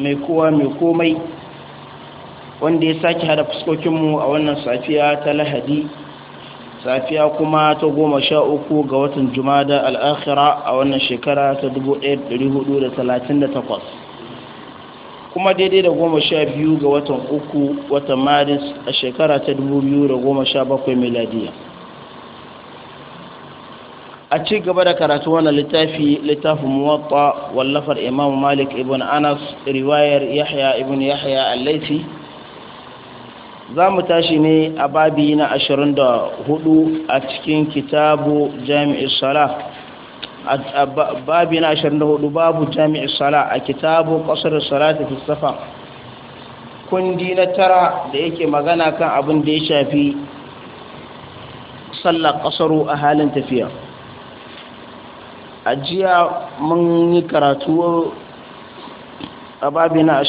mai kowa mai komai wanda ya sake hada fuskokinmu a wannan safiya ta lahadi safiya kuma ta goma sha uku ga watan jumada al'akhira a wannan shekara ta 1438 kuma daidai da goma sha biyu ga watan uku watan maris a shekara ta 2017 miladiyya a ci gaba da karatu wannan littafi littafin muwatta wallafar imam malik ibn anas riwayar yahya ibn yahya al za mu tashi ne a babi na 24 a cikin kitabu jami'i sala babi na 24 babu jami'ar sala a kitabu kasar salati fi safa kundi na tara da yake magana kan abin da ya shafi sallar kasaru a halin tafiya a jiya mun yi karatu a babi na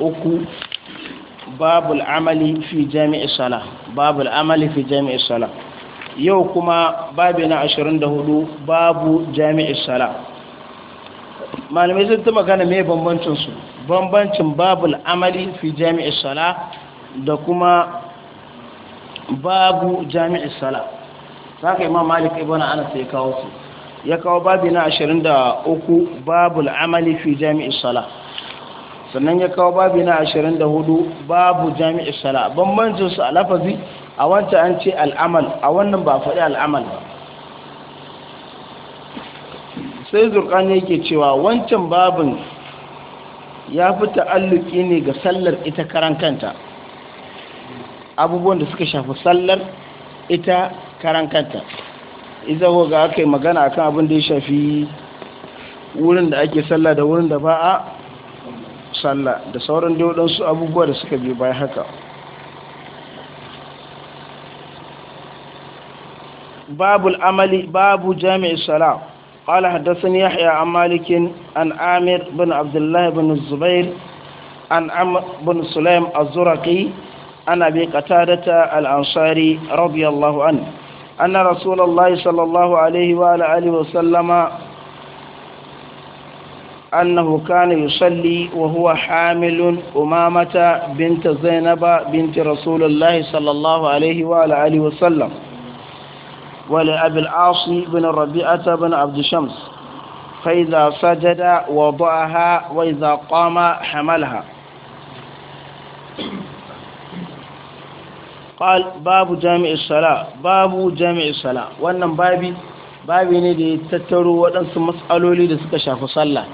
uku, babul amali fi jami'i sala babul amali fi jami'i sala yau kuma babi na hudu, babu jami'i sala malamai sun ta magana mai bambancinsu bambancin babul amali fi jami'i sala da kuma babu jami'i sala za ka ma malik ibn ana sai kawo su ya kawo babi na 23 babul amali fi jami'i sala sannan ya kawo babi na 24 babu jami'i sala bambancin su a a wancan an ce al'amal a wannan ba faɗi al'amal ba sai zurkani yake cewa wancan babin ya fi ta'alluki ne ga sallar ita karan kanta abubuwan da suka shafi sallar ita karan kanta iza ga aka yi magana akan abin da ya shafi wurin da ake sallah da wurin da ba a sallah da sauran daudansu abubuwa da suka bi bai haka babu amali babu jami'in salam ƙwala haddasa yahya an malikin an amir bin abdullahi bin zubair an bin sulaim azuraki ana bi Al-Ansari rabiyallahu anhu أن رسول الله صلى الله عليه وآله وسلم أنه كان يصلي وهو حامل أمامة بنت زينب بنت رسول الله صلى الله عليه وآله وسلم ولأبي العاص بن الربيعة بن عبد شمس فإذا سجد وضعها وإذا قام حملها قال باب جامع الصلاة باب جامع الصلاة wannan babi babi ne da ya tattaro waɗansu matsaloli da suka shafi sallah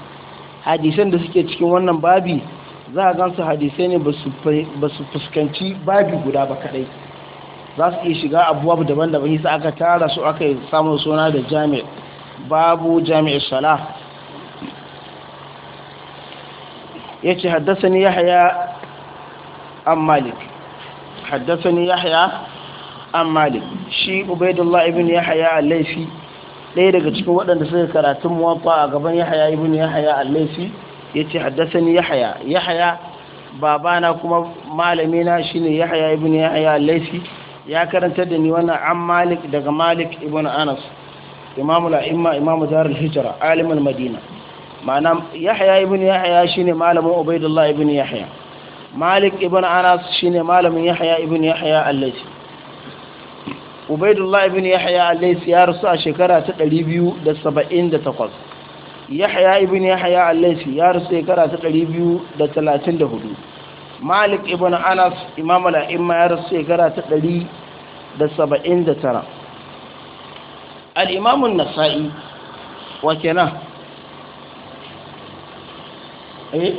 hadisan da suke cikin wannan babi za a gansu hadisai ne ba su fuskanci babi guda ba kadai za su iya shiga abuwa daban-daban yi aka tara su aka samu suna da jami babu Sala. Ya ce haddasa ni haya an malik حدثني يحيى عن مالك shi عبيد الله ابن يحيى الليثي ɗaya daga cikin waɗanda suka karatu muwatta a gaban yahya ibn yahya al-laifi yace haddasani yahya yahya babana kuma malamina shine yahya ibn yahya al-laifi ya karanta da ni wannan an malik daga malik ibn anas imamu la'imma imamu al hijra alimul madina ma'ana yahya ibn yahya shine malamin ubaidullah ibn yahya malik ibn anas shine malamin yahya ibn yahya al-laysi ibn yahya al ya rasu a shekara ta 278 yahya ibn yahya al ya rasu shekara ta 234 malik ibn anas imam al-a'imma ya rasu shekara ta 179 al-imam an-nasa'i wa kenan eh?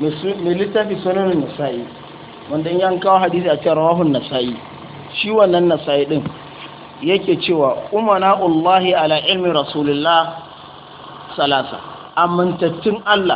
mai littafi sunanin nasa'i wanda yan kawo hadisi a cewa rawahun nasa'i shi wannan nasa'i din yake cewa umarna ala ilmi rasulullah salasa amintattun Allah